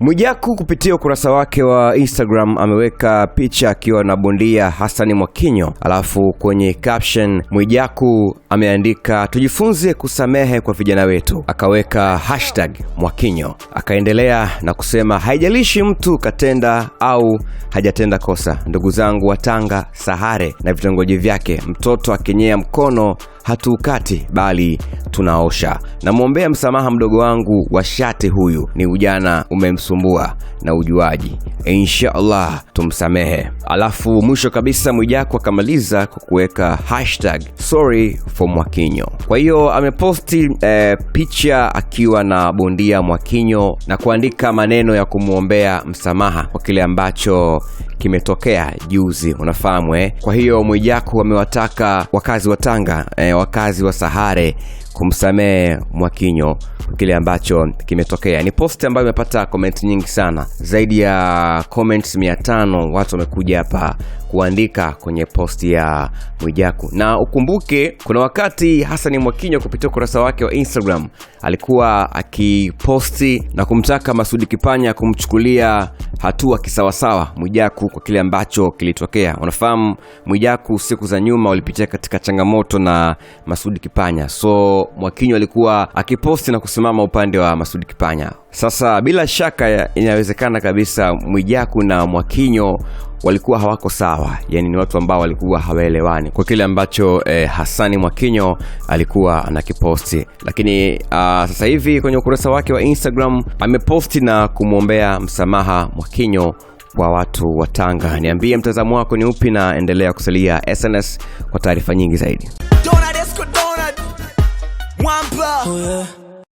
Mwijaku kupitia ukurasa wake wa Instagram ameweka picha akiwa na bondia Hasani Mwakinyo, alafu kwenye caption Mwijaku ameandika tujifunze kusamehe kwa vijana wetu, akaweka hashtag Mwakinyo, akaendelea na kusema haijalishi mtu katenda au hajatenda kosa, ndugu zangu wa Tanga, Sahare na vitongoji vyake, mtoto akinyea mkono hatuukati bali tunaosha. Namwombea msamaha mdogo wangu wa shate huyu ni ujana umemsumbua na ujuaji. inshallah tumsamehe alafu mwisho kabisa Mwijaku akamaliza kwa kuweka hashtag sorry for Mwakinyo. Kwa hiyo ameposti eh, picha akiwa na bondia Mwakinyo na kuandika maneno ya kumwombea msamaha kwa kile ambacho kimetokea juzi, unafahamu eh? Kwa hiyo Mwijaku amewataka wakazi wa Tanga eh, wakazi wa Sahare kumsamehe Mwakinyo kile ambacho kimetokea. Ni post ambayo imepata koment nyingi sana, zaidi ya comments 500 watu wamekuja hapa kuandika kwenye post ya Mwijaku. Na ukumbuke kuna wakati hasani Mwakinyo kupitia ukurasa wake wa Instagram alikuwa akiposti na kumtaka Masudi Kipanya kumchukulia hatua kisawasawa Mwijaku kwa kile ambacho kilitokea. Unafahamu Mwijaku siku za nyuma walipitia katika changamoto na Masudi Kipanya, so Mwakinyo alikuwa akiposti na kusimama upande wa Masudi Kipanya. Sasa bila shaka inawezekana kabisa Mwijaku na Mwakinyo walikuwa hawako sawa, yani ni watu ambao walikuwa hawaelewani kwa kile ambacho eh, Hasani Mwakinyo alikuwa anakiposti. Lakini uh, sasa hivi kwenye ukurasa wake wa Instagram ameposti na kumwombea msamaha Mwakinyo kwa watu wa Tanga. Niambie mtazamo wako ni upi, na endelea kusalia SNS kwa taarifa nyingi zaidi. One blood. Oh, yeah.